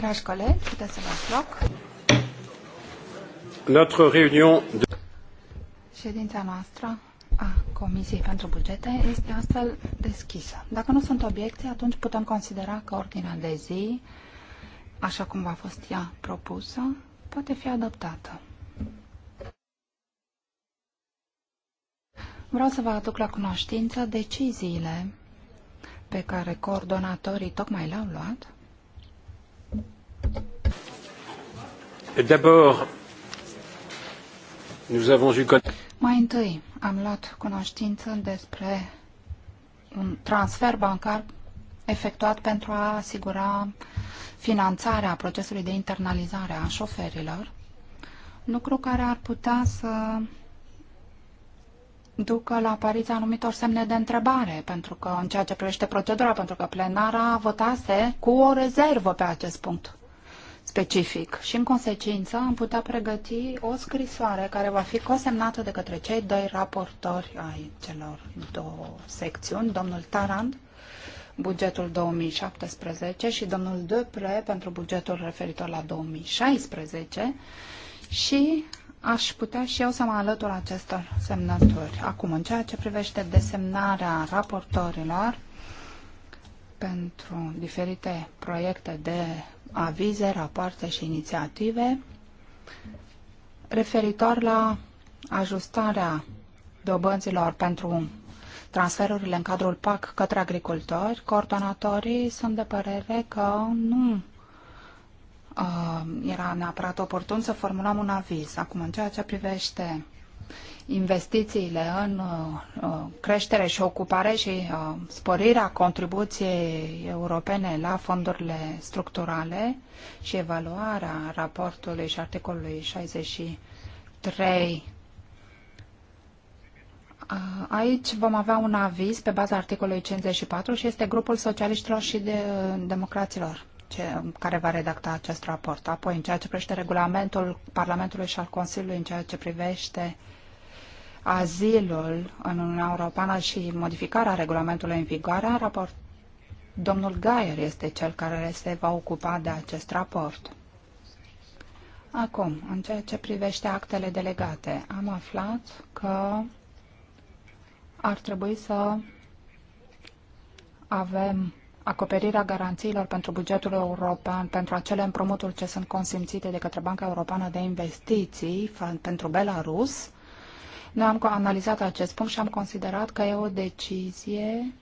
Dragi colegi, puteți să vă loc. Notre réunion de... Ședința noastră a Comisiei pentru Bugete este astfel deschisă. Dacă nu sunt obiecții, atunci putem considera că ordinea de zi, așa cum va fost ea propusă, poate fi adoptată. Vreau să vă aduc la cunoștință deciziile pe care coordonatorii tocmai le-au luat mai întâi am luat cunoștință despre un transfer bancar efectuat pentru a asigura finanțarea procesului de internalizare a șoferilor, lucru care ar putea să ducă la apariția anumitor semne de întrebare, pentru că în ceea ce privește procedura, pentru că plenara votase cu o rezervă pe acest punct specific și, în consecință, am putea pregăti o scrisoare care va fi cosemnată de către cei doi raportori ai celor două secțiuni, domnul Tarand, bugetul 2017 și domnul Dupre pentru bugetul referitor la 2016 și aș putea și eu să mă alătur acestor semnături. Acum, în ceea ce privește desemnarea raportorilor pentru diferite proiecte de avize, rapoarte și inițiative referitor la ajustarea dobânzilor pentru transferurile în cadrul PAC către agricultori, coordonatorii sunt de părere că nu uh, era neapărat oportun să formulăm un aviz. Acum, în ceea ce privește investițiile în uh, uh, creștere și ocupare și uh, sporirea contribuției europene la fondurile structurale și evaluarea raportului și articolului 63. Aici vom avea un aviz pe baza articolului 54 și este grupul socialiștilor și de, democraților ce, care va redacta acest raport. Apoi, în ceea ce privește regulamentul Parlamentului și al Consiliului, în ceea ce privește uh, azilul în Uniunea Europeană și modificarea regulamentului în vigoare, în raport, domnul Gaier este cel care se va ocupa de acest raport. Acum, în ceea ce privește actele delegate, am aflat că ar trebui să avem acoperirea garanțiilor pentru bugetul european, pentru acele împrumuturi ce sunt consimțite de către Banca Europeană de Investiții pentru Belarus, noi am analizat acest punct și am considerat că e o decizie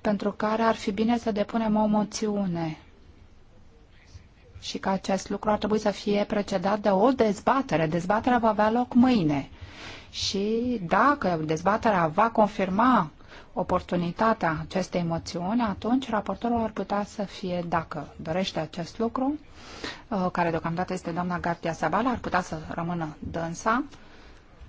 pentru care ar fi bine să depunem o moțiune și că acest lucru ar trebui să fie precedat de o dezbatere. Dezbaterea va avea loc mâine. Și dacă dezbaterea va confirma oportunitatea acestei moțiuni, atunci raportorul ar putea să fie, dacă dorește acest lucru, uh, care deocamdată este doamna Gartia Sabala, ar putea să rămână dânsa,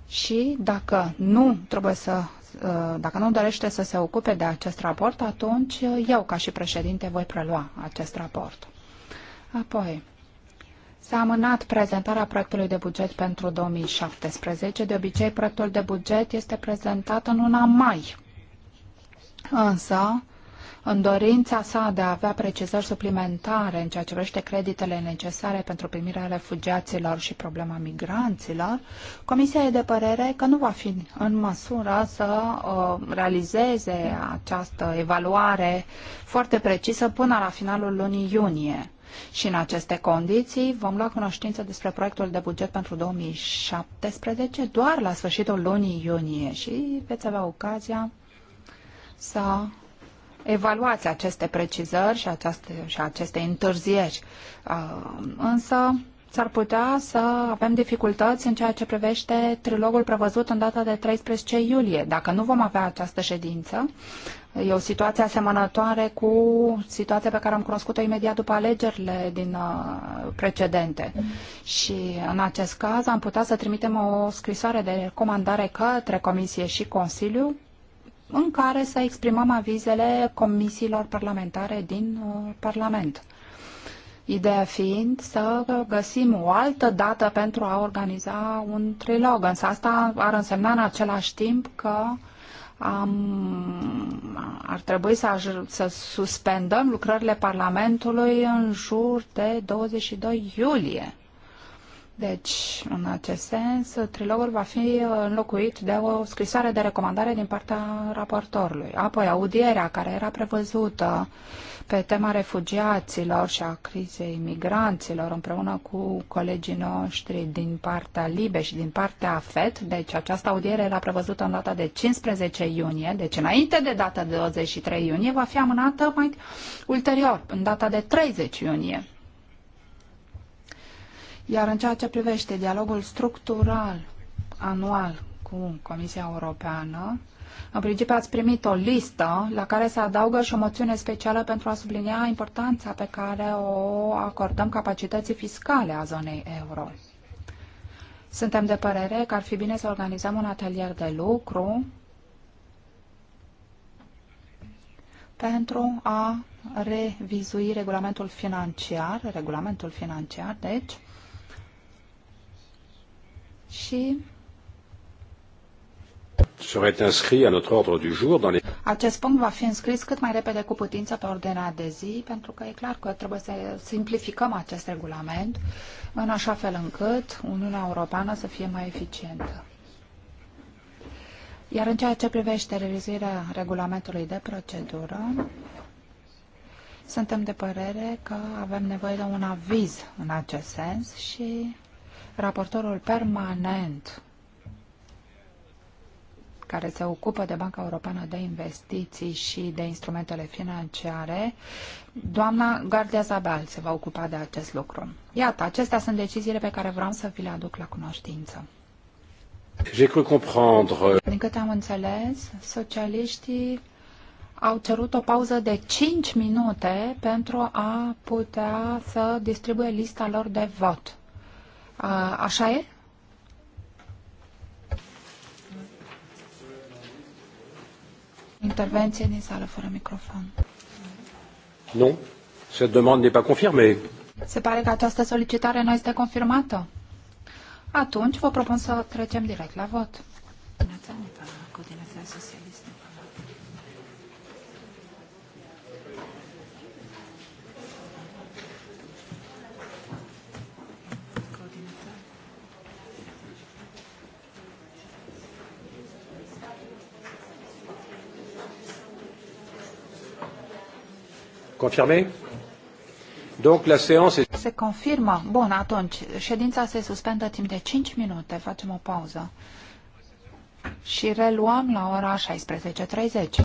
și dacă nu trebuie să uh, dacă nu dorește să se ocupe de acest raport, atunci uh, eu, ca și președinte, voi prelua acest raport. Apoi, S-a amânat prezentarea proiectului de buget pentru 2017. De obicei, proiectul de buget este prezentat în luna mai. Însă, în dorința sa de a avea precizări suplimentare în ceea ce vrește creditele necesare pentru primirea refugiaților și problema migranților, Comisia e de părere că nu va fi în măsură să uh, realizeze această evaluare foarte precisă până la finalul lunii iunie. Și în aceste condiții vom lua cunoștință despre proiectul de buget pentru 2017 doar la sfârșitul lunii iunie și veți avea ocazia să evaluați aceste precizări și aceste, și aceste întârzieri. Uh, însă s-ar putea să avem dificultăți în ceea ce privește trilogul prevăzut în data de 13 iulie. Dacă nu vom avea această ședință, e o situație asemănătoare cu situația pe care am cunoscut-o imediat după alegerile din uh, precedente. Și în acest caz am putea să trimitem o scrisoare de recomandare către Comisie și Consiliu în care să exprimăm avizele comisiilor parlamentare din uh, Parlament. Ideea fiind să găsim o altă dată pentru a organiza un trilog. Însă asta ar însemna în același timp că am, ar trebui să, să suspendăm lucrările Parlamentului în jur de 22 iulie. Deci, în acest sens, trilogul va fi înlocuit de o scrisoare de recomandare din partea raportorului. Apoi, audierea care era prevăzută pe tema refugiaților și a crizei migranților împreună cu colegii noștri din partea LIBE și din partea FET. Deci, această audiere era prevăzută în data de 15 iunie, deci înainte de data de 23 iunie, va fi amânată mai ulterior, în data de 30 iunie. Iar în ceea ce privește dialogul structural anual cu Comisia Europeană, în principiu ați primit o listă la care se adaugă și o moțiune specială pentru a sublinia importanța pe care o acordăm capacității fiscale a zonei euro. Suntem de părere că ar fi bine să organizăm un atelier de lucru pentru a revizui regulamentul financiar, regulamentul financiar, deci, și Acest punct va fi înscris cât mai repede cu putință pe ordinea de zi, pentru că e clar că trebuie să simplificăm acest regulament în așa fel încât Uniunea Europeană să fie mai eficientă. Iar în ceea ce privește revizuirea regulamentului de procedură, suntem de părere că avem nevoie de un aviz în acest sens și raportorul permanent care se ocupă de Banca Europeană de Investiții și de instrumentele financiare, doamna Gardia Zabel se va ocupa de acest lucru. Iată, acestea sunt deciziile pe care vreau să vi le aduc la cunoștință. Din câte am înțeles, socialiștii au cerut o pauză de 5 minute pentru a putea să distribuie lista lor de vot. A, așa e? Intervenție din sală fără microfon. Nu. Se demande n'est pas confirmée. Se pare că această solicitare nu este confirmată. Atunci vă propun să trecem direct la vot. Coordinația socială. Confirmé? Donc la séance est... Se confirmă. Bun, atunci, ședința se suspendă timp de 5 minute. Facem o pauză. Și reluăm la ora 16.30.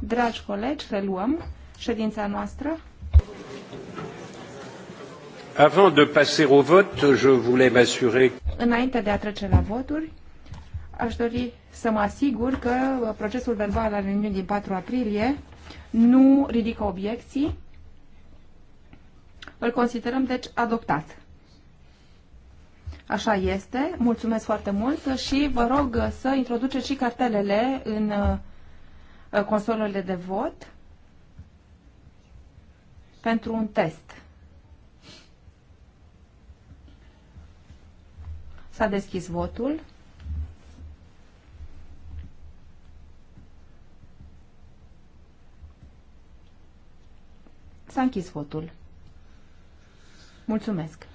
Dragi colegi, reluăm ședința noastră. Avant de passer au vote, je voulais m'assurer. Înainte de a trece la voturi, aș dori să mă asigur că procesul verbal al reuniunii din 4 aprilie nu ridică obiecții. Îl considerăm, deci, adoptat. Așa este. Mulțumesc foarte mult și vă rog să introduceți și cartelele în uh, consolele de vot pentru un test. S-a deschis votul. S-a închis votul. Mulțumesc.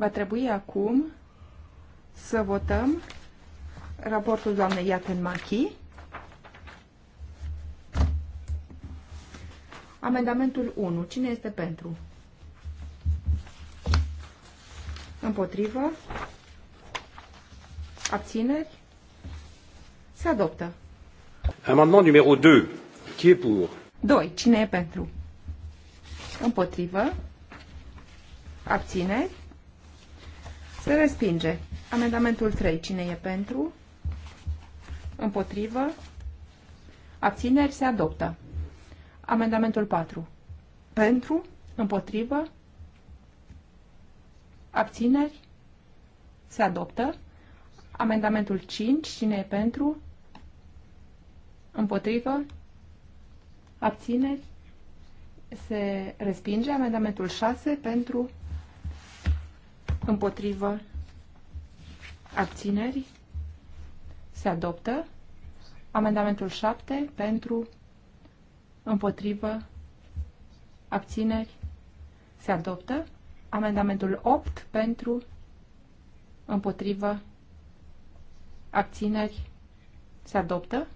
Va trebui acum să votăm raportul doamnei Iaten Machi. Amendamentul 1. Cine este pentru? Împotrivă? Abțineri? Se adoptă. Amendament numărul 2. Qui est pour? 2. Cine e pentru? Împotrivă? Abțineri? Se respinge. Amendamentul 3. Cine e pentru? Împotrivă? Abțineri? Se adoptă. Amendamentul 4. Pentru? Împotrivă? Abțineri? Se adoptă. Amendamentul 5. Cine e pentru? Împotrivă? Abțineri? Se respinge. Amendamentul 6. Pentru? Împotrivă. Abțineri. Se adoptă. Amendamentul 7 pentru. Împotrivă. Abțineri. Se adoptă. Amendamentul 8 pentru. Împotrivă. Abțineri. Se adoptă.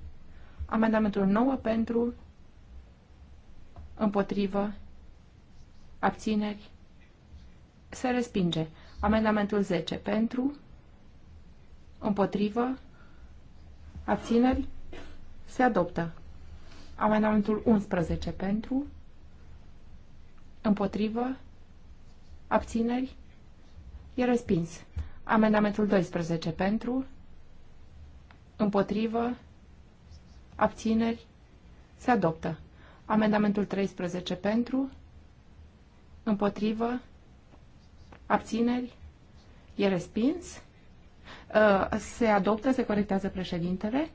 Amendamentul 9 pentru. Împotrivă. Abțineri. Se respinge. Amendamentul 10 pentru, împotrivă, abțineri, se adoptă. Amendamentul 11 pentru, împotrivă, abțineri, e respins. Amendamentul 12 pentru, împotrivă, abțineri, se adoptă. Amendamentul 13 pentru, împotrivă, abțineri, e respins, uh, se adoptă, se corectează președintele,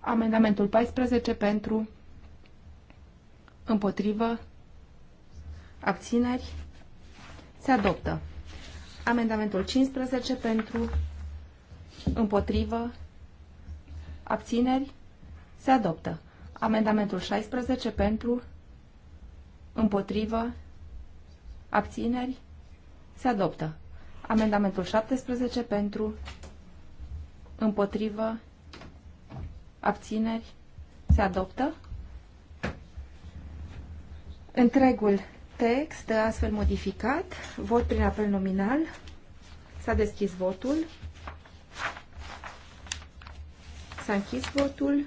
amendamentul 14 pentru, împotrivă, abțineri, se adoptă. Amendamentul 15 pentru, împotrivă, abțineri, se adoptă. Amendamentul 16 pentru, împotrivă, abțineri, se adoptă. Amendamentul 17 pentru, împotrivă, abțineri, se adoptă. Întregul text astfel modificat, vot prin apel nominal, s-a deschis votul, s-a închis votul,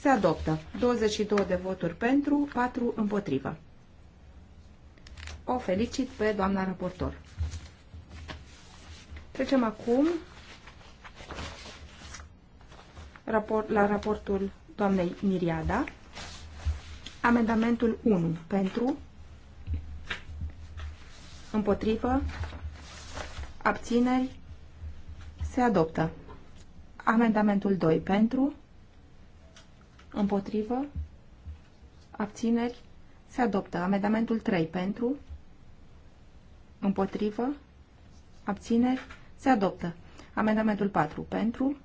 se adoptă 22 de voturi pentru, 4 împotrivă o felicit pe doamna raportor. Trecem acum raport, la raportul doamnei Miriada. Amendamentul 1 pentru, împotrivă, abțineri, se adoptă. Amendamentul 2 pentru, împotrivă, abțineri, se adoptă. Amendamentul 3 pentru, Împotrivă. Abțineri. Se adoptă. Amendamentul 4. Pentru.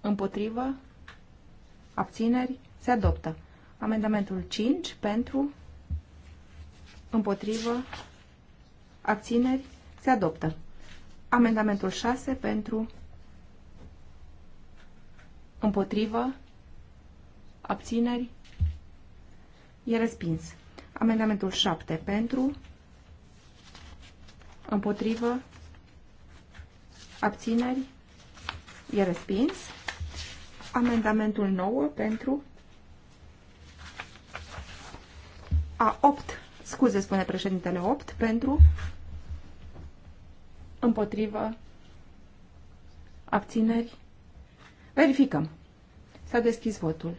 Împotrivă. Abțineri. Se adoptă. Amendamentul 5. Pentru. Împotrivă. Abțineri. Se adoptă. Amendamentul 6. Pentru. Împotrivă. Abțineri. E respins. Amendamentul 7. Pentru împotrivă, abțineri, e respins. Amendamentul 9 pentru A8, scuze, spune președintele 8, pentru împotrivă, abțineri. Verificăm. S-a deschis votul.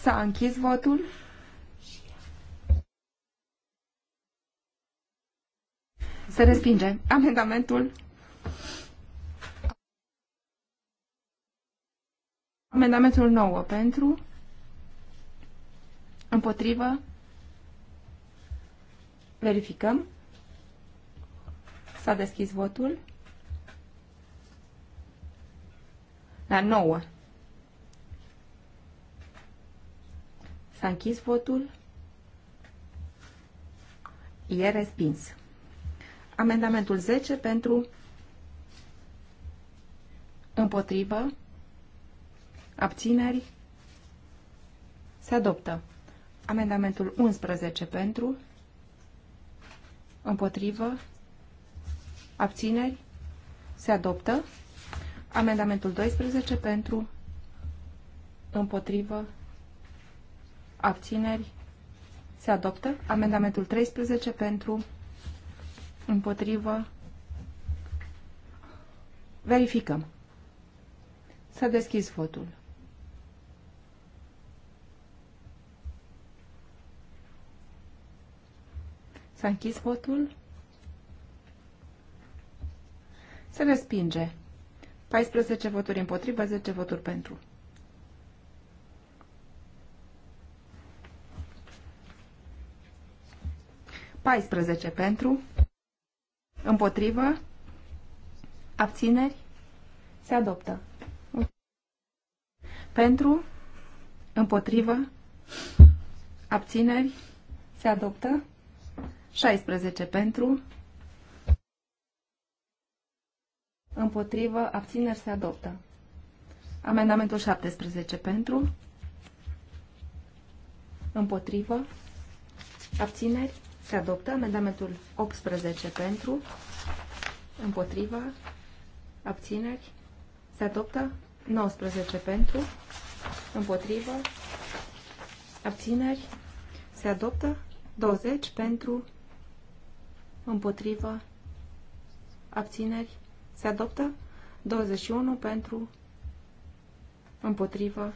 S-a închis votul. Se respinge. Amendamentul. Amendamentul 9 pentru. Împotrivă. Verificăm. S-a deschis votul. La 9. S-a închis votul. E respins. Amendamentul 10 pentru împotrivă abțineri se adoptă. Amendamentul 11 pentru împotrivă abțineri se adoptă. Amendamentul 12 pentru împotrivă abțineri abțineri, se adoptă. Amendamentul 13 pentru, împotrivă, verificăm. S-a deschis votul. S-a închis votul. Se respinge. 14 voturi împotrivă, 10 voturi pentru. 14 pentru, împotrivă, abțineri, se adoptă. Pentru, împotrivă, abțineri, se adoptă. 16 pentru, împotrivă, abțineri, se adoptă. Amendamentul 17 pentru, împotrivă, abțineri, se adoptă amendamentul 18 pentru, împotriva, abțineri. Se adoptă 19 pentru, împotriva, abțineri. Se adoptă 20 pentru, împotriva, abțineri. Se adoptă 21 pentru, împotriva,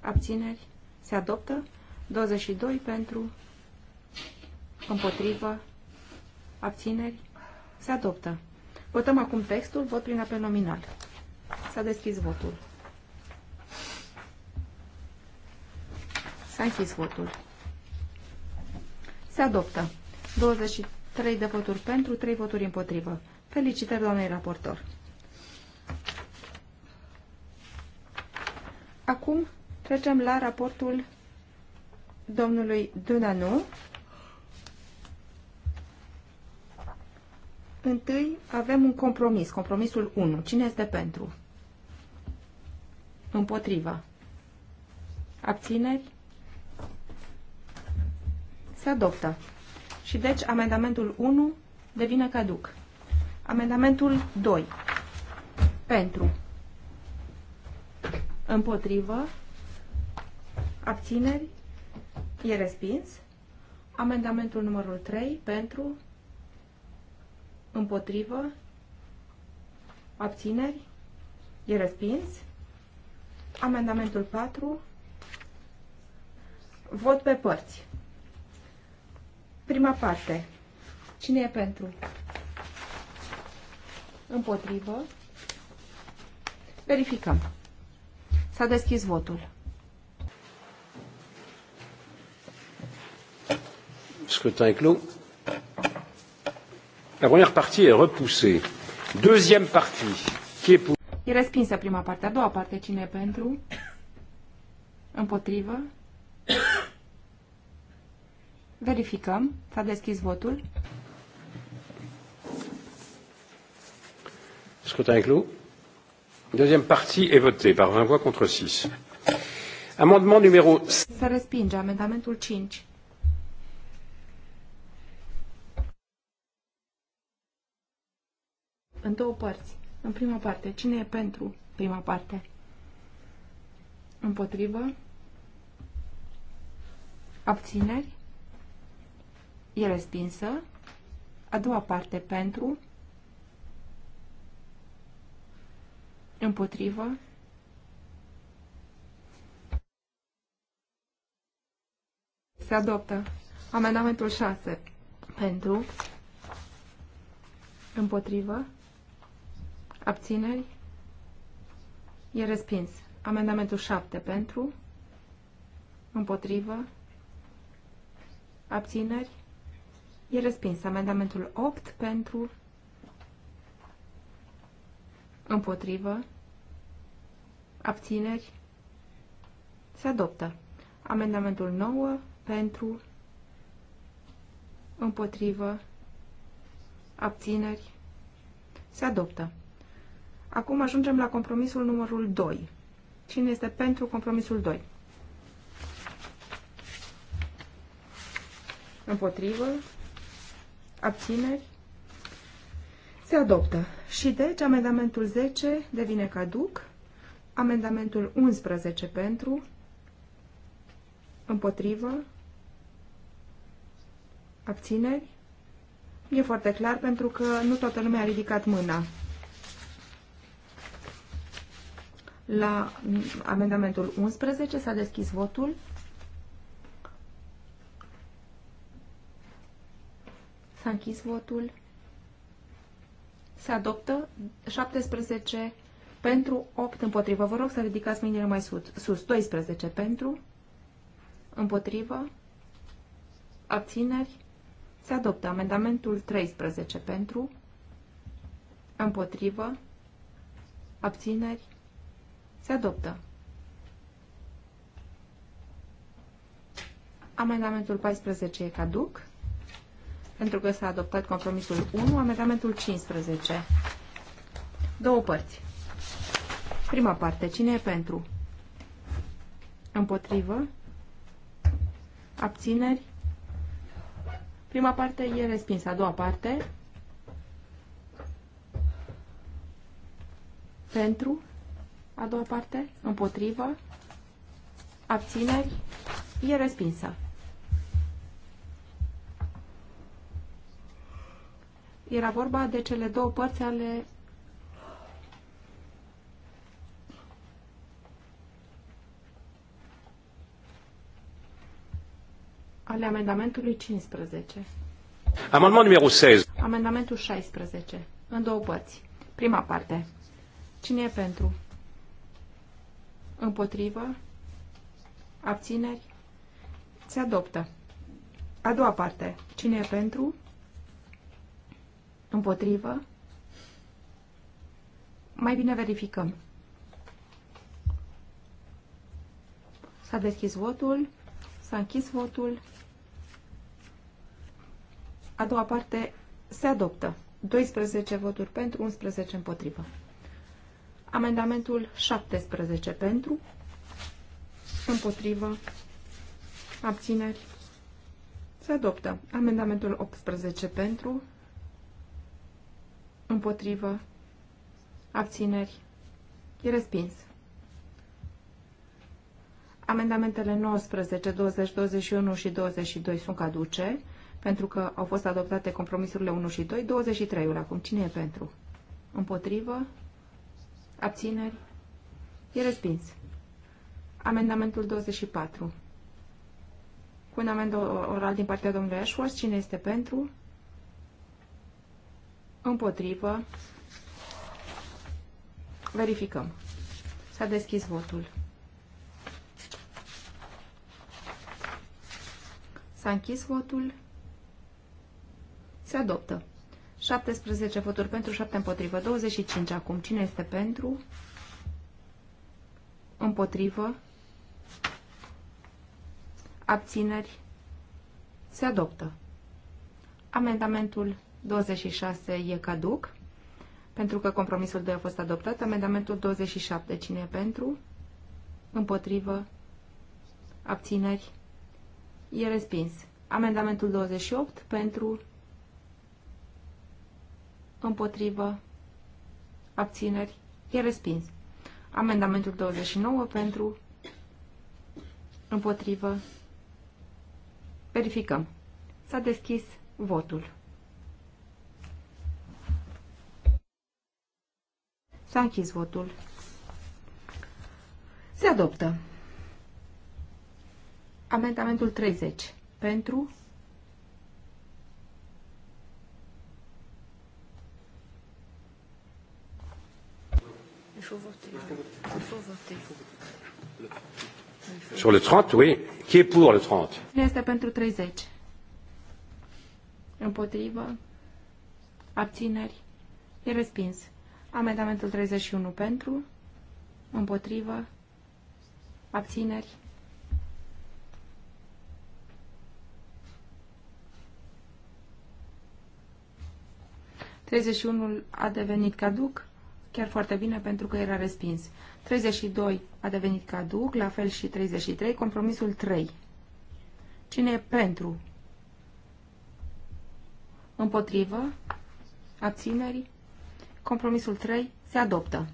abțineri. Se adoptă 22 pentru, Împotrivă? Abțineri? Se adoptă. Votăm acum textul, vot prin apel nominal. S-a deschis votul. S-a închis votul. Se adoptă. 23 de voturi pentru, 3 voturi împotrivă. Felicitări, doamnei raportor. Acum trecem la raportul domnului Dunanu Întâi avem un compromis, compromisul 1. Cine este pentru? Împotriva. Abțineri? Se adoptă. Și deci amendamentul 1 devine caduc. Amendamentul 2. Pentru. Împotrivă. Abțineri. E respins. Amendamentul numărul 3. Pentru. Împotrivă. Abțineri. E respins. Amendamentul 4. Vot pe părți. Prima parte. Cine e pentru? Împotrivă. Verificăm. S-a deschis votul. Scrutin clos. La première partie est repoussée. Deuxième partie, qui est pour... E respinsă prima parte. A doua parte, cine e pentru? Împotrivă? Verificăm. S-a deschis votul. Scrutin clos. Deuxième partie est votée par 20 voix contre 6. Amendement numéro... Se respinge amendamentul 5. în două părți. În prima parte, cine e pentru prima parte? Împotrivă? Abțineri? E respinsă. A doua parte, pentru? Împotrivă? Se adoptă. Amendamentul 6. Pentru? Împotrivă? Abțineri? E respins. Amendamentul 7 pentru. Împotrivă. Abțineri? E respins. Amendamentul 8 pentru. Împotrivă. Abțineri? Se adoptă. Amendamentul 9 pentru. Împotrivă. Abțineri? Se adoptă. Acum ajungem la compromisul numărul 2. Cine este pentru compromisul 2? Împotrivă? Abțineri? Se adoptă. Și deci amendamentul 10 devine caduc, amendamentul 11 pentru, împotrivă, abțineri. E foarte clar pentru că nu toată lumea a ridicat mâna. La amendamentul 11 s-a deschis votul. S-a închis votul. Se adoptă 17 pentru, 8 împotrivă. Vă rog să ridicați mâinile mai sus. sus. 12 pentru, împotrivă, abțineri. Se adoptă amendamentul 13 pentru, împotrivă, abțineri se adoptă. Amendamentul 14 e caduc, pentru că s-a adoptat compromisul 1, amendamentul 15. Două părți. Prima parte. Cine e pentru? Împotrivă? Abțineri? Prima parte e respinsă. A doua parte? Pentru? A doua parte, împotrivă, abțineri, e respinsă. Era vorba de cele două părți ale ale amendamentului 15. Amendament numărul 16. Amendamentul 16. În două părți. Prima parte. Cine e pentru? Împotrivă. Abțineri. Se adoptă. A doua parte. Cine e pentru? Împotrivă. Mai bine verificăm. S-a deschis votul. S-a închis votul. A doua parte se adoptă. 12 voturi pentru, 11 împotrivă. Amendamentul 17 pentru, împotrivă, abțineri, se adoptă. Amendamentul 18 pentru, împotrivă, abțineri, e respins. Amendamentele 19, 20, 21 și 22 sunt caduce, pentru că au fost adoptate compromisurile 1 și 2. 23-ul acum. Cine e pentru? Împotrivă? Abțineri? E respins. Amendamentul 24. Cu un amend oral din partea domnului Ashworth. Cine este pentru? Împotrivă. Verificăm. S-a deschis votul. S-a închis votul. Se adoptă. 17 voturi pentru, 7 împotrivă. 25 acum. Cine este pentru? Împotrivă. Abțineri. Se adoptă. Amendamentul 26 e caduc, pentru că compromisul 2 a fost adoptat. Amendamentul 27, cine e pentru? Împotrivă? Abțineri? E respins. Amendamentul 28, pentru? împotrivă, abțineri, e respins. Amendamentul 29 pentru, împotrivă, verificăm. S-a deschis votul. S-a închis votul. Se adoptă. Amendamentul 30 pentru, faut voter. Il faut voter. Sur le 30, oui. Qui est pour le 30 Cine este pentru 30? Împotrivă? Abțineri? E respins. Amendamentul 31 pentru? Împotrivă? Abțineri? Treizeci a devenit caduc chiar foarte bine pentru că era respins. 32 a devenit caduc, la fel și 33, compromisul 3. Cine e pentru? Împotrivă? Abțineri? Compromisul 3 se adoptă.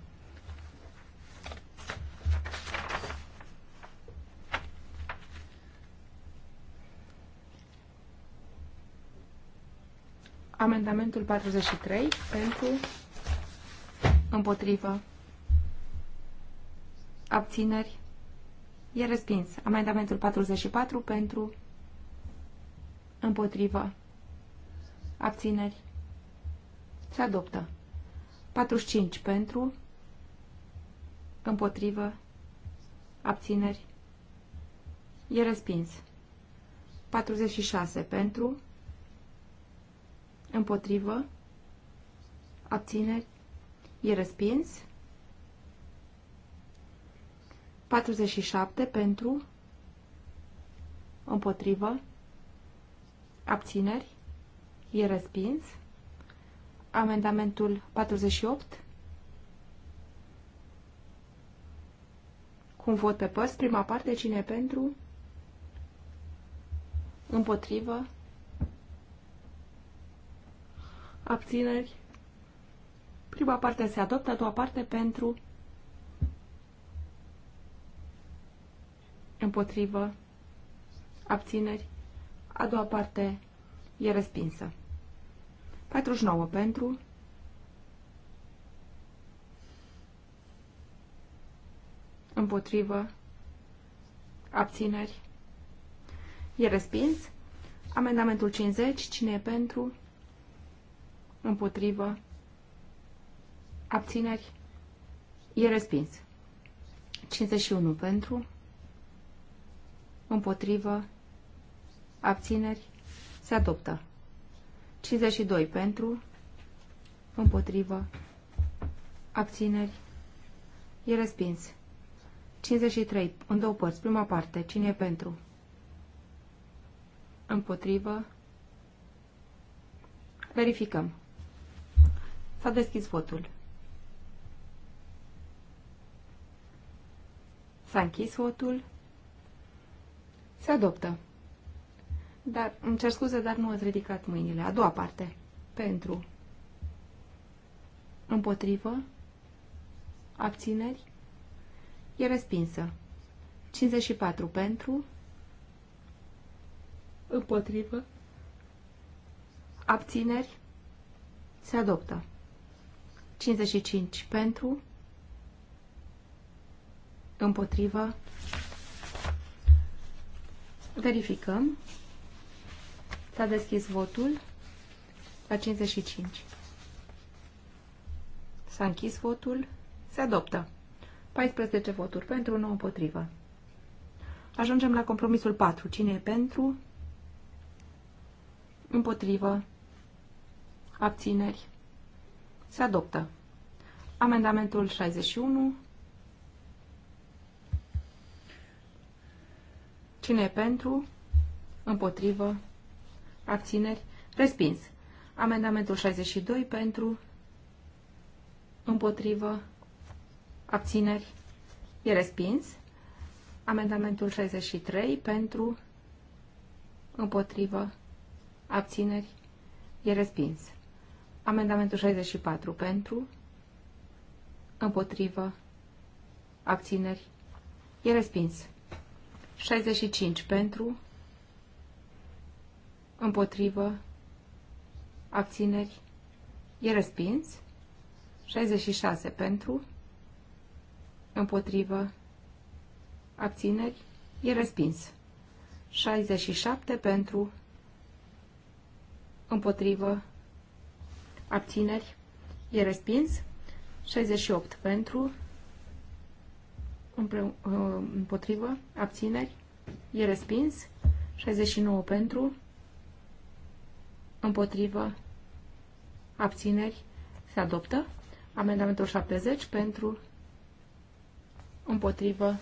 Amendamentul 43 pentru Împotrivă. Abțineri. E respins. Amendamentul 44 pentru. Împotrivă. Abțineri. Se adoptă. 45 pentru. Împotrivă. Abțineri. E respins. 46 pentru. Împotrivă. Abțineri. E respins. 47 pentru, împotrivă, abțineri, e respins. Amendamentul 48, cu un vot pe păs, prima parte, cine e pentru, împotrivă, abțineri, Prima parte se adoptă, a doua parte pentru, împotrivă, abțineri. A doua parte e respinsă. 49 pentru, împotrivă, abțineri. E respins. Amendamentul 50, cine e pentru, împotrivă, abțineri, e respins. 51 pentru, împotrivă, abțineri, se adoptă. 52 pentru, împotrivă, abțineri, e respins. 53, în două părți, prima parte, cine e pentru? Împotrivă, verificăm. S-a deschis votul. S-a închis votul. Se adoptă. Dar, îmi cer scuze, dar nu ați ridicat mâinile. A doua parte. Pentru. Împotrivă. Abțineri. E respinsă. 54 pentru. Împotrivă. Abțineri. Se adoptă. 55 pentru. Împotrivă. Verificăm. S-a deschis votul la 55. S-a închis votul. Se adoptă. 14 voturi pentru, 9 împotrivă. Ajungem la compromisul 4. Cine e pentru? Împotrivă. Abțineri. Se adoptă. Amendamentul 61. Cine pentru? Împotrivă? Abțineri? Respins. Amendamentul 62 pentru? Împotrivă? Abțineri? E respins. Amendamentul 63 pentru? Împotrivă? Abțineri? E respins. Amendamentul 64 pentru? Împotrivă? Abțineri? E respins. 65 pentru, împotrivă, abțineri, e respins. 66 pentru, împotrivă, abțineri, e respins. 67 pentru, împotrivă, abțineri, e respins. 68 pentru, Uh, împotrivă, abțineri, e respins, 69 pentru, împotrivă, abțineri, se adoptă, amendamentul 70 pentru, împotrivă,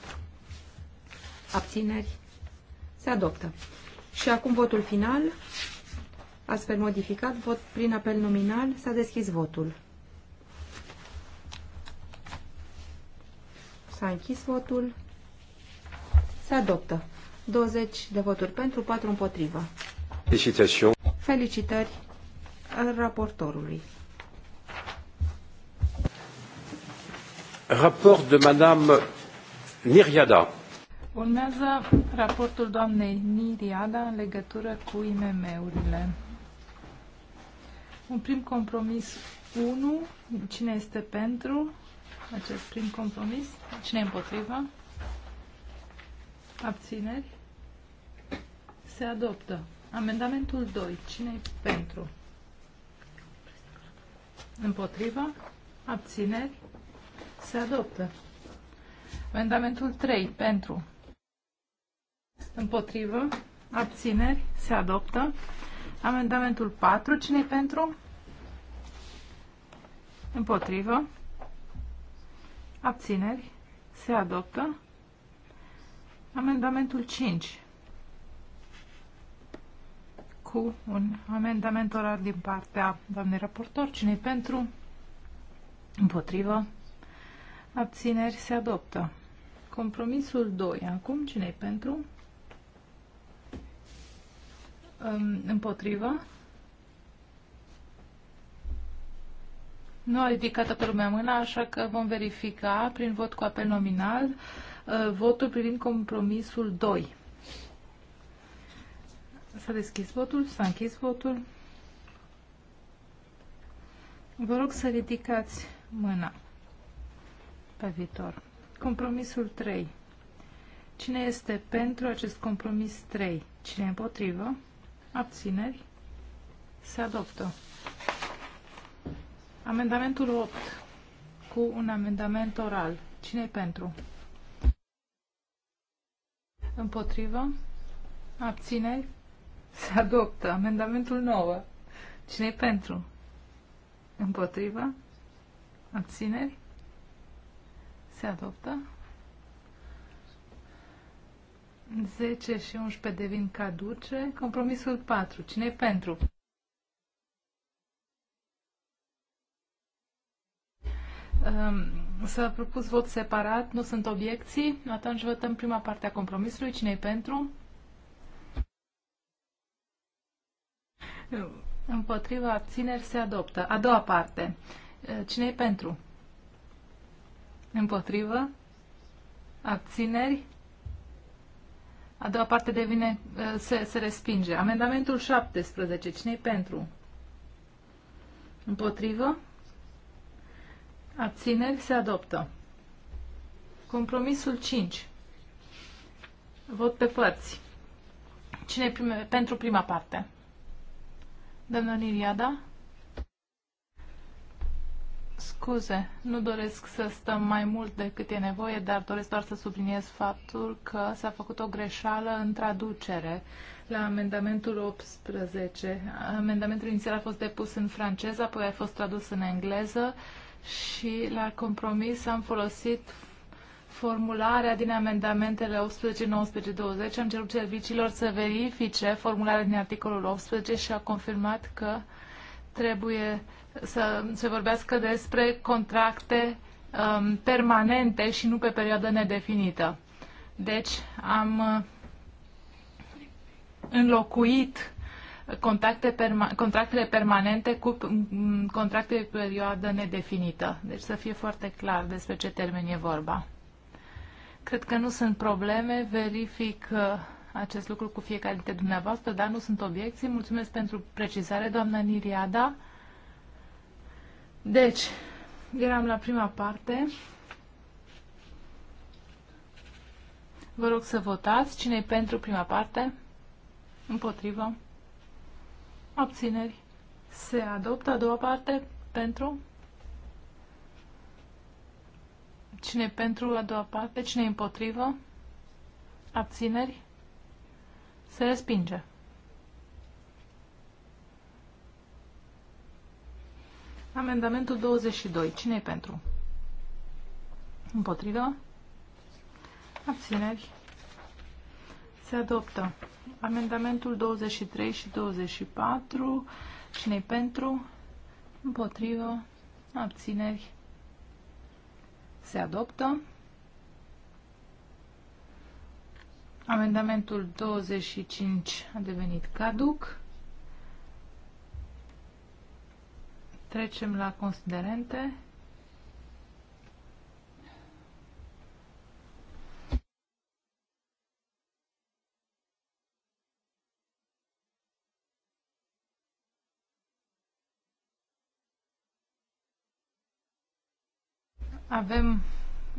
abțineri, se adoptă. Și acum votul final, astfel modificat, vot prin apel nominal, s-a deschis votul. S-a închis votul. Se adoptă. 20 de voturi pentru, 4 împotrivă. Felicitări. Felicitări raportorului. Raport de Madame Niriada. Urmează raportul doamnei Niriada în legătură cu IMM-urile. Un prim compromis 1. Cine este pentru? acest prim compromis. Cine împotrivă? Abțineri? Se adoptă. Amendamentul 2. cine pentru? Împotrivă? Abțineri? Se adoptă. Amendamentul 3. Pentru? Împotrivă? Abțineri? Se adoptă. Amendamentul 4. cine pentru? Împotrivă? Abțineri. Se adoptă. Amendamentul 5. Cu un amendament orar din partea doamnei raportor. cine pentru? Împotrivă. Abțineri. Se adoptă. Compromisul 2. Acum cine pentru? Împotrivă. Nu a ridicat toată lumea mâna, așa că vom verifica prin vot cu apel nominal uh, votul privind compromisul 2. S-a deschis votul, s-a închis votul. Vă rog să ridicați mâna pe viitor. Compromisul 3. Cine este pentru acest compromis 3? Cine împotrivă? Abțineri? Se adoptă. Amendamentul 8 cu un amendament oral. cine pentru? Împotrivă? Abțineri? Se adoptă. Amendamentul 9. cine pentru? Împotrivă? Abțineri? Se adoptă. 10 și 11 devin caduce. Compromisul 4. cine pentru? Ehm, S-a propus vot separat, nu sunt obiecții, atunci votăm prima parte a compromisului. Cine-i pentru? Împotriva abțineri se adoptă. A doua parte. Cine-i pentru? Împotrivă? Abțineri? A doua parte devine, se, se respinge. Amendamentul 17. Cine-i pentru? Împotrivă? Abțineri se adoptă. Compromisul 5. Vot pe părți. Cine prime, pentru prima parte? Doamna Niriada? Scuze, nu doresc să stăm mai mult decât e nevoie, dar doresc doar să subliniez faptul că s-a făcut o greșeală în traducere la amendamentul 18. Amendamentul inițial a fost depus în franceză, apoi a fost tradus în engleză și la compromis am folosit formularea din amendamentele 18, 19, 20. Am cerut serviciilor să verifice formularea din articolul 18 și a confirmat că trebuie să se vorbească despre contracte um, permanente și nu pe perioadă nedefinită. Deci am înlocuit contracte perma- contractele permanente cu contracte de perioadă nedefinită. Deci să fie foarte clar despre ce termen e vorba. Cred că nu sunt probleme, verific uh, acest lucru cu fiecare dintre dumneavoastră, dar nu sunt obiecții. Mulțumesc pentru precizare, doamna Niriada. Deci, eram la prima parte. Vă rog să votați. cine e pentru prima parte? Împotrivă? Abțineri. Se adoptă a doua parte pentru. Cine pentru a doua parte? Cine împotrivă? Abțineri. Se respinge. Amendamentul 22. cine e pentru? Împotrivă? Abțineri. Se adoptă. Amendamentul 23 și 24. cine pentru? Împotrivă. Abțineri. Se adoptă. Amendamentul 25 a devenit caduc. Trecem la considerente. Avem,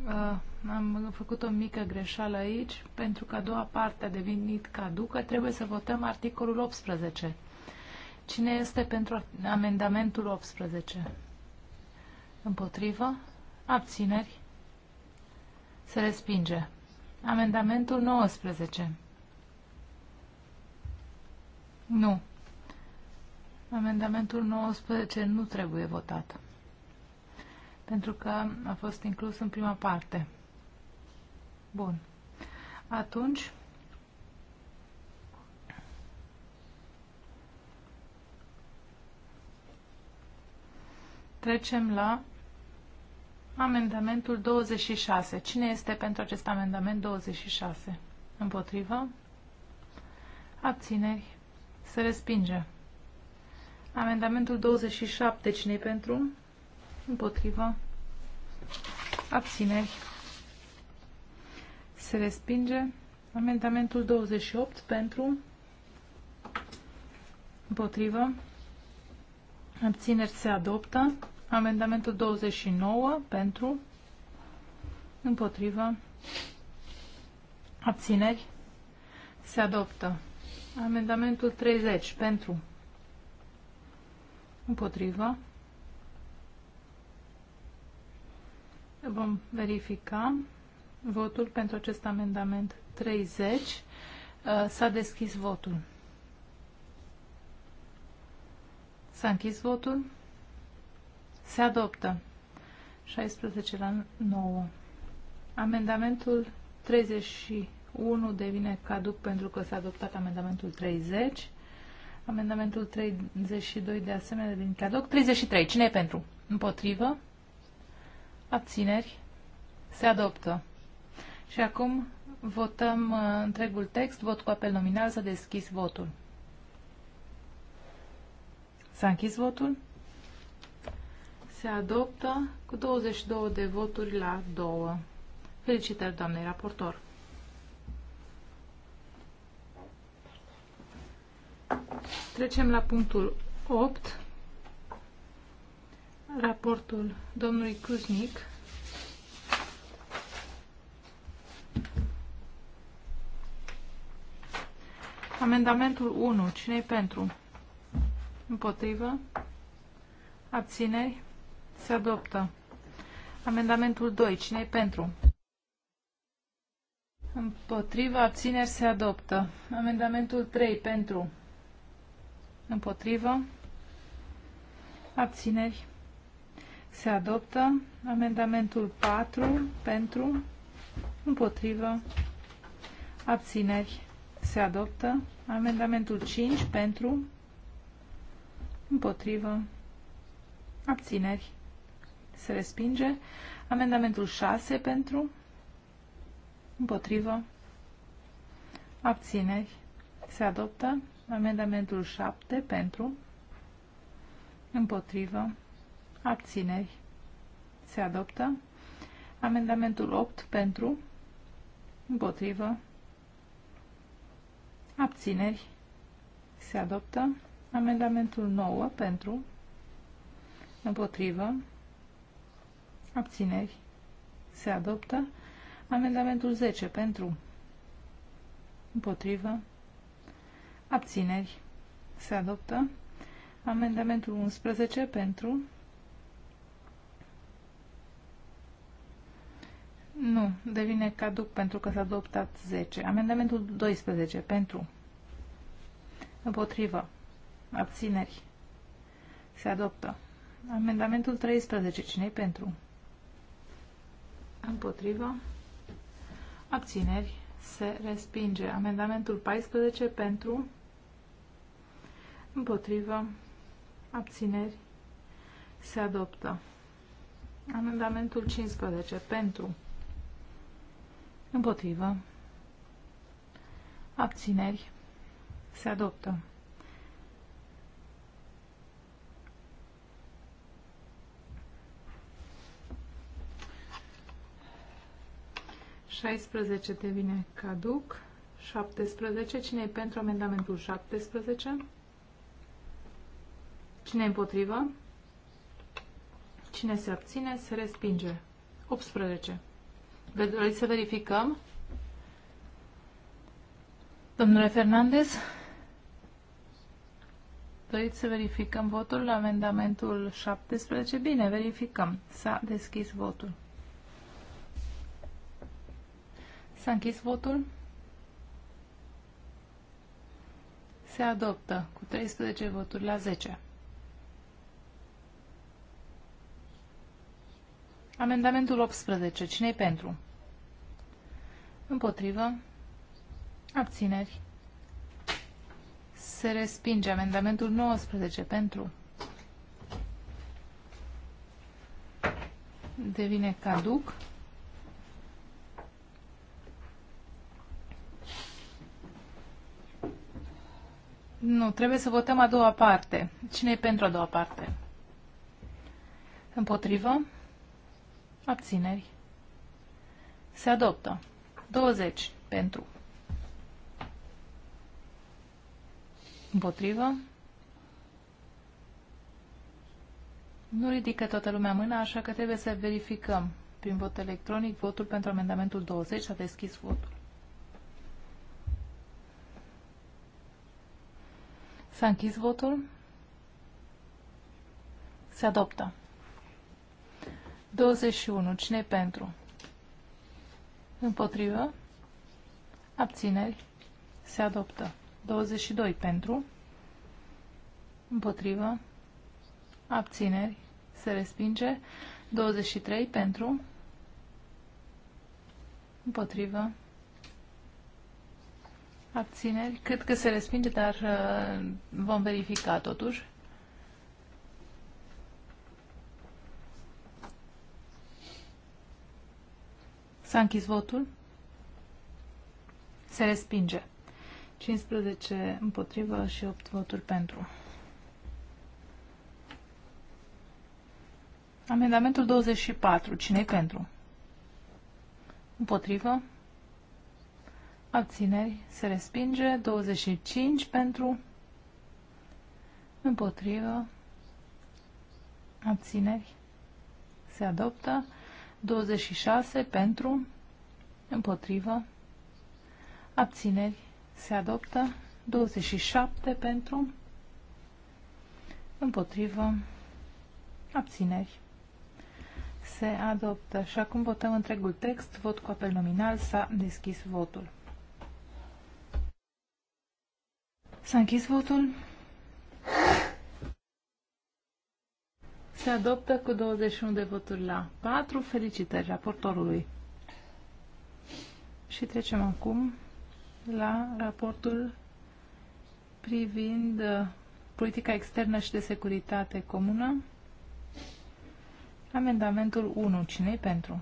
uh, am făcut o mică greșeală aici, pentru că a doua parte a devenit caducă, trebuie să votăm articolul 18. Cine este pentru amendamentul 18? Împotrivă? Abțineri? Se respinge. Amendamentul 19. Nu. Amendamentul 19 nu trebuie votat pentru că a fost inclus în prima parte. Bun. Atunci, trecem la amendamentul 26. Cine este pentru acest amendament 26? Împotrivă? Abțineri? Se respinge. Amendamentul 27. Cine pentru? împotriva, abțineri, se respinge. Amendamentul 28 pentru, împotrivă, abțineri se adoptă. Amendamentul 29 pentru, împotrivă, abțineri se adoptă. Amendamentul 30 pentru, împotrivă, Vom verifica votul pentru acest amendament 30. Uh, s-a deschis votul. S-a închis votul. Se adoptă. 16 la 9. Amendamentul 31 devine caduc pentru că s-a adoptat amendamentul 30. Amendamentul 32 de asemenea devine caduc. 33. Cine e pentru? Împotrivă? abțineri, se adoptă. Și acum votăm uh, întregul text, vot cu apel nominal, Să deschis votul. S-a închis votul. Se adoptă cu 22 de voturi la 2. Felicitări, doamnei raportor! Trecem la punctul 8 raportul domnului Kuznic Amendamentul 1. cine pentru? Împotrivă? Abțineri? Se adoptă. Amendamentul 2. cine pentru? Împotrivă? Abțineri? Se adoptă. Amendamentul 3. Pentru? Împotrivă? Abțineri? Se adoptă amendamentul 4 pentru, împotrivă, abțineri. Se adoptă amendamentul 5 pentru, împotrivă, abțineri. Se respinge amendamentul 6 pentru, împotrivă, abțineri. Se adoptă amendamentul 7 pentru, împotrivă, Abțineri. Se adoptă. Amendamentul 8 pentru. Împotrivă. Abțineri. Se adoptă. Amendamentul 9 pentru. Împotrivă. Abțineri. Se adoptă. Amendamentul 10 pentru. Împotrivă. Abțineri. Se adoptă. Amendamentul 11 pentru. Nu, devine caduc pentru că s-a adoptat 10. Amendamentul 12 pentru împotrivă abțineri se adoptă. Amendamentul 13 cine pentru? Împotrivă abțineri se respinge. Amendamentul 14 pentru împotrivă abțineri se adoptă. Amendamentul 15 pentru Împotrivă. Abțineri. Se adoptă. Șaisprezece devine caduc. 17. Cine e pentru amendamentul 17? Cine e împotrivă? Cine se abține, se respinge. 18. Doriți să verificăm? Domnule Fernandez, doriți să verificăm votul la amendamentul 17? Bine, verificăm. S-a deschis votul. S-a închis votul. Se adoptă cu 13 voturi la 10. Amendamentul 18. cine pentru? Împotrivă. Abțineri. Se respinge amendamentul 19 pentru. Devine caduc. Nu, trebuie să votăm a doua parte. Cine e pentru a doua parte? Împotrivă. Abțineri. Se adoptă. 20 pentru. Împotrivă. Nu ridică toată lumea mâna, așa că trebuie să verificăm prin vot electronic votul pentru amendamentul 20. S-a deschis votul. S-a închis votul. Se adoptă. 21. cine pentru? Împotrivă. Abțineri. Se adoptă. 22. Pentru. Împotrivă. Abțineri. Se respinge. 23. Pentru. Împotrivă. Abțineri. Cred că se respinge, dar uh, vom verifica totuși. S-a închis votul. Se respinge. 15 împotrivă și 8 voturi pentru. Amendamentul 24. Cine pentru? Împotrivă. Abțineri. Se respinge. 25 pentru. Împotrivă. Abțineri. Se adoptă. 26 pentru, împotrivă, abțineri, se adoptă. 27 pentru, împotrivă, abțineri, se adoptă. Și acum votăm întregul text, vot cu apel nominal, s-a deschis votul. S-a închis votul. Se adoptă cu 21 de voturi la 4. Felicitări raportorului. Și trecem acum la raportul privind uh, politica externă și de securitate comună. Amendamentul 1. Cine-i pentru?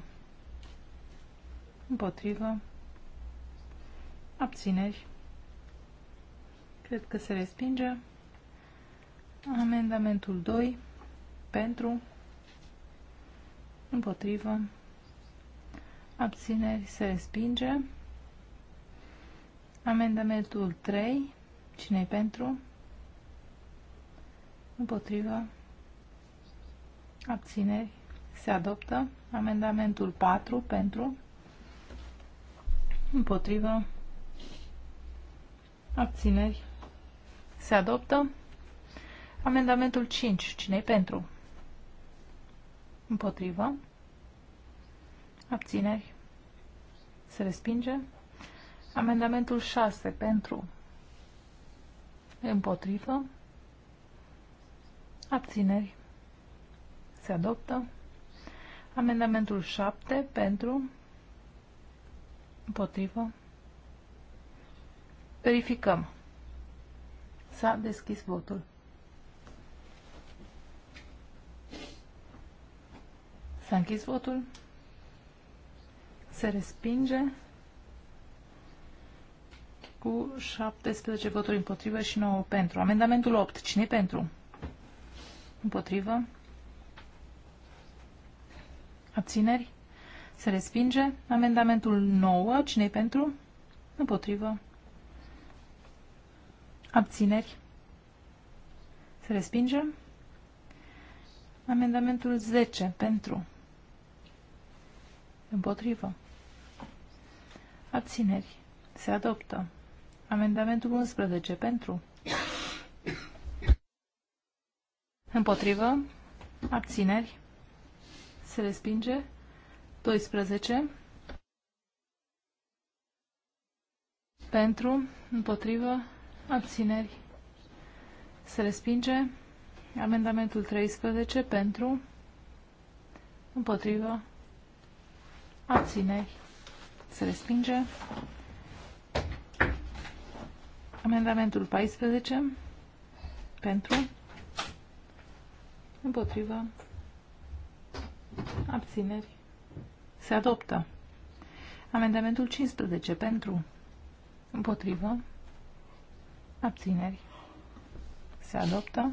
Împotrivă. Abțineri. Cred că se respinge. Amendamentul 2 pentru, împotrivă, abțineri se respinge. Amendamentul 3, cine pentru, împotrivă, abțineri se adoptă. Amendamentul 4, pentru, împotrivă, abțineri se adoptă. Amendamentul 5. Cine-i pentru? Împotrivă. Abțineri. Se respinge. Amendamentul 6 pentru. Împotrivă. Abțineri. Se adoptă. Amendamentul 7 pentru. Împotrivă. Verificăm. S-a deschis votul. S-a închis votul. Se respinge cu 17 voturi împotrivă și 9 pentru. Amendamentul 8. cine pentru? Împotrivă. Abțineri. Se respinge. Amendamentul 9. cine pentru? Împotrivă. Abțineri. Se respinge. Amendamentul 10. Pentru. Împotrivă. Abțineri. Se adoptă. Amendamentul 11. Pentru. Împotrivă. Abțineri. Se respinge. 12. Pentru. Împotrivă. Abțineri. Se respinge. Amendamentul 13. Pentru. Împotrivă abțineri, se respinge. Amendamentul 14 pentru, împotrivă, abțineri, se adoptă. Amendamentul 15 pentru, împotrivă, abțineri, se adoptă.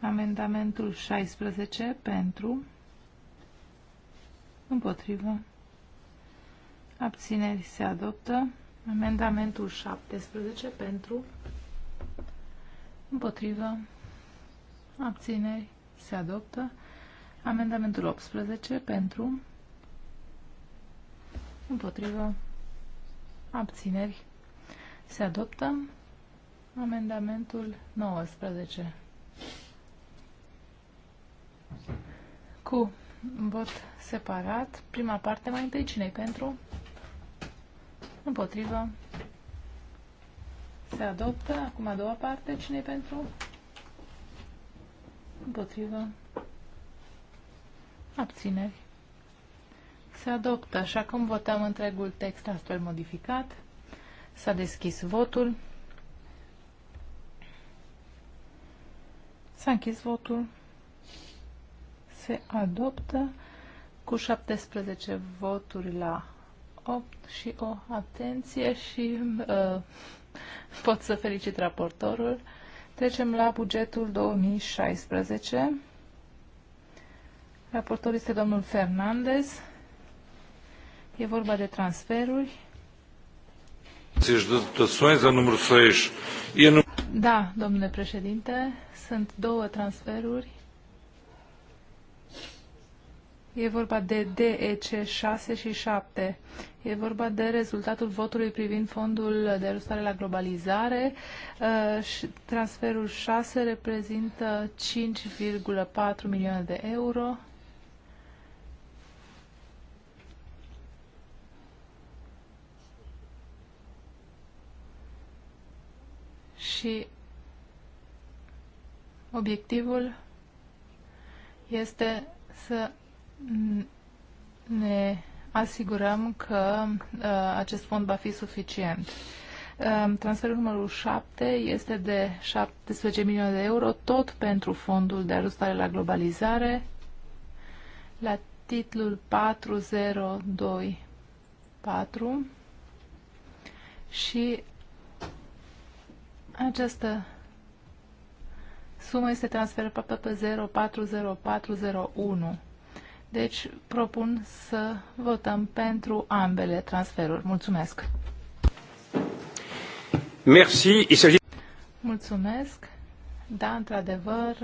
Amendamentul 16 pentru, Împotrivă. Abțineri se adoptă. Amendamentul 17 pentru. Împotrivă. Abțineri se adoptă. Amendamentul 18 pentru. Împotrivă. Abțineri se adoptă. Amendamentul 19. Cu Vot separat. Prima parte mai întâi. cine pentru? Împotrivă. Se adoptă. Acum a doua parte. cine pentru? Împotrivă. Abțineri. Se adoptă. Așa cum votăm întregul text astfel modificat. S-a deschis votul. S-a închis votul se adoptă cu 17 voturi la 8 și o atenție și uh, pot să felicit raportorul. Trecem la bugetul 2016. raportorul este domnul Fernandez. E vorba de transferuri. Da, domnule președinte, sunt două transferuri E vorba de DEC 6 și 7. E vorba de rezultatul votului privind fondul de ajustare la globalizare. Uh, transferul 6 reprezintă 5,4 milioane de euro. Și obiectivul este să ne asigurăm că uh, acest fond va fi suficient. Um, transferul numărul 7 este de 17 milioane de euro, tot pentru fondul de ajustare la globalizare, la titlul 4024 și această sumă este transferată pe 040401. Deci propun să votăm pentru ambele transferuri. Mulțumesc! Merci. Mulțumesc! Da, într-adevăr,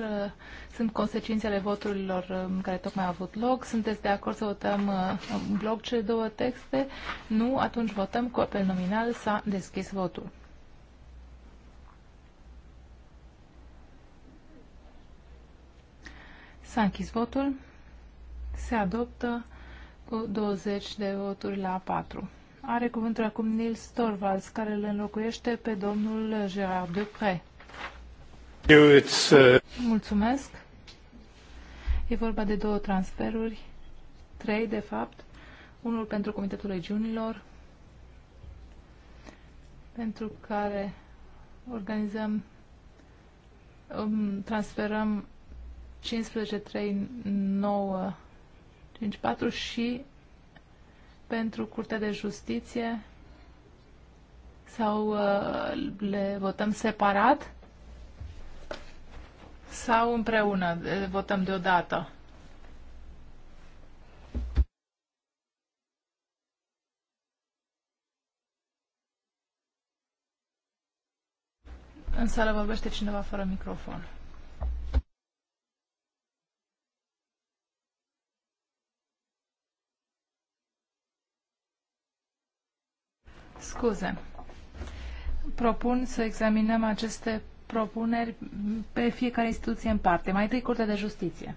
sunt consecințele voturilor uh, care tocmai au avut loc. Sunteți de acord să votăm uh, în bloc cele două texte? Nu? Atunci votăm cu apel nominal. S-a deschis votul. S-a închis votul. Se adoptă cu 20 de voturi la 4. Are cuvântul acum Nils Torvalds, care îl înlocuiește pe domnul Gerard Dupré. Mulțumesc. E vorba de două transferuri, trei de fapt, unul pentru Comitetul Regiunilor, pentru care organizăm, transferăm 9, 5.4 și pentru Curtea de Justiție sau uh, le votăm separat sau împreună, le votăm deodată. În sală vorbește cineva fără microfon. Scuze. Propun să examinăm aceste propuneri pe fiecare instituție în parte. Mai întâi Curtea de Justiție.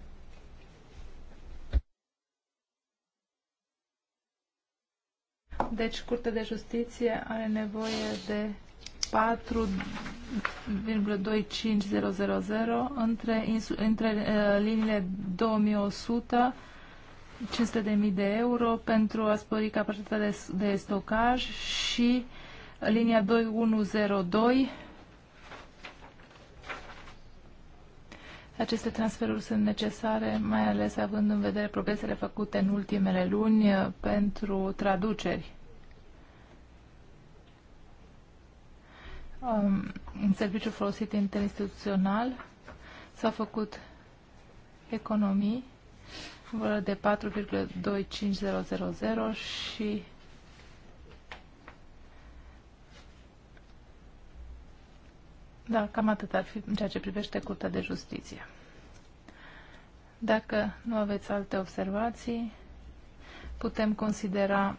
Deci, Curtea de Justiție are nevoie de 4,25000 între, între uh, liniile 2100 500.000 de euro pentru a spori capacitatea de, de stocaj și linia 2102. Aceste transferuri sunt necesare, mai ales având în vedere progresele făcute în ultimele luni uh, pentru traduceri. Um, în serviciul folosit interinstituțional s-au făcut economii de 4,25000 și da, cam atât ar fi în ceea ce privește Curtea de Justiție. Dacă nu aveți alte observații, putem considera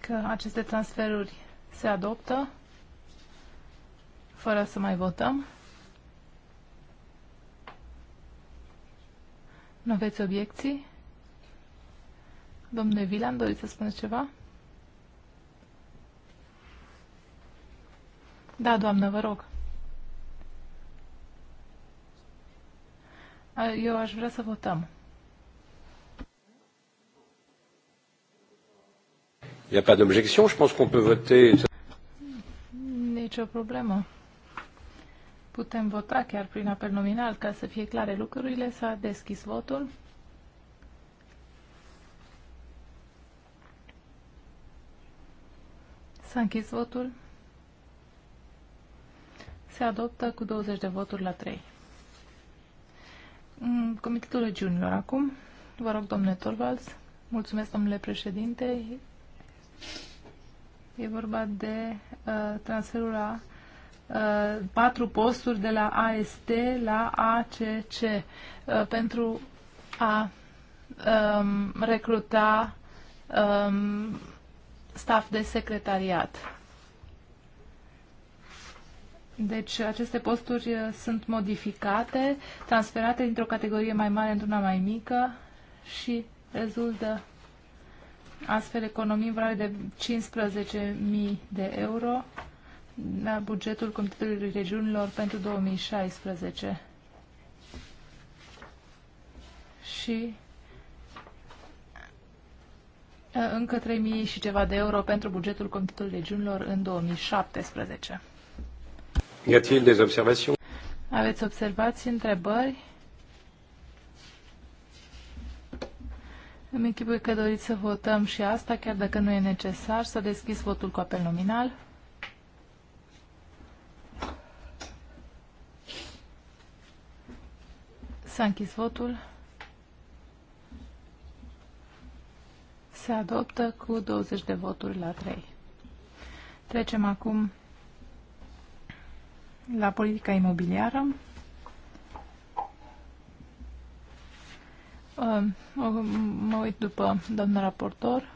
că aceste transferuri se adoptă fără să mai votăm. Nu aveți obiecții? Domnule Vilan, doriți să spuneți ceva? Da, doamnă, vă rog. Eu aș vrea să votăm. Il n'y a pas d'objection, je pense qu'on peut voter. Nicio problemă. Putem vota chiar prin apel nominal ca să fie clare lucrurile. S-a deschis votul. S-a închis votul. Se adoptă cu 20 de voturi la 3. Comitetul regiunilor acum. Vă rog, domnule Torvalds. Mulțumesc, domnule președinte. E vorba de uh, transferul la Uh, patru posturi de la AST la ACC uh, pentru a um, recruta um, staff de secretariat. Deci aceste posturi uh, sunt modificate, transferate dintr-o categorie mai mare într-una mai mică și rezultă astfel economii în valoare de 15.000 de euro la bugetul Comitetului Regiunilor pentru 2016. Și uh, încă 3.000 și ceva de euro pentru bugetul Comitetului Regiunilor în 2017. Y a Aveți observații, întrebări? Îmi închipui că doriți să votăm și asta, chiar dacă nu e necesar, să deschis votul cu apel nominal. S-a închis votul. Se adoptă cu 20 de voturi la 3. Trecem acum la politica imobiliară. Ă, mă uit după domnul raportor.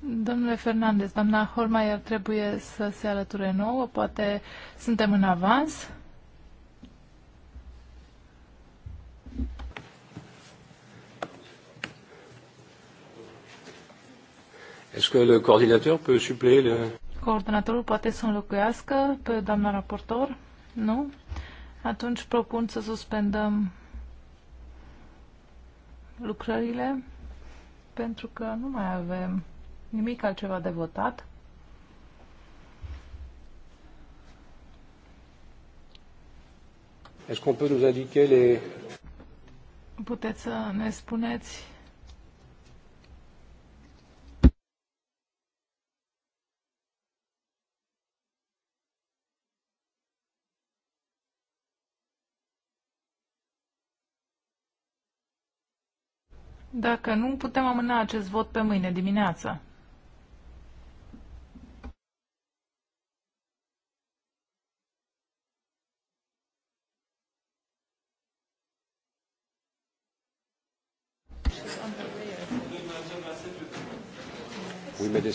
Domnule Fernandez, doamna Holmeier trebuie să se alăture nouă, poate suntem în avans. Est-ce que le coordinateur peut suppléer le... Coordonatorul poate să înlocuiască pe doamna raportor? Nu? Atunci propun să suspendăm lucrările pentru că nu mai avem Nimic altceva de votat. Est-ce qu'on peut nous indiquer les... Puteți să ne spuneți Dacă nu, putem amâna acest vot pe mâine dimineață.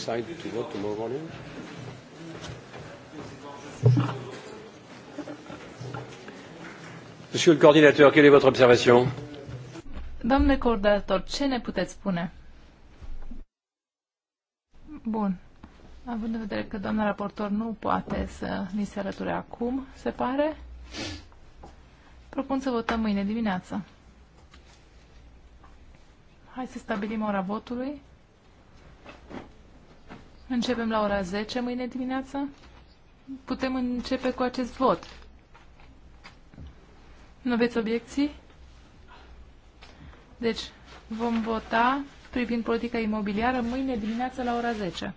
decide to vote tomorrow morning? Monsieur le coordinateur, quelle est votre observation? Domnule coordonator, ce ne puteți spune? Bun. Având în vedere că doamna raportor nu poate să ni se alăture acum, se pare, propun să votăm mâine dimineață. Hai să stabilim ora votului. Începem la ora 10 mâine dimineață. Putem începe cu acest vot. Nu aveți obiecții? Deci, vom vota privind politica imobiliară mâine dimineață la ora 10.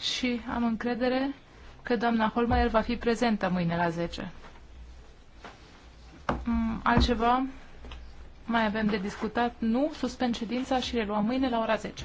Și am încredere că doamna Holmeier va fi prezentă mâine la 10. Mm, altceva mai avem de discutat? Nu. Suspend ședința și reluăm mâine la ora 10.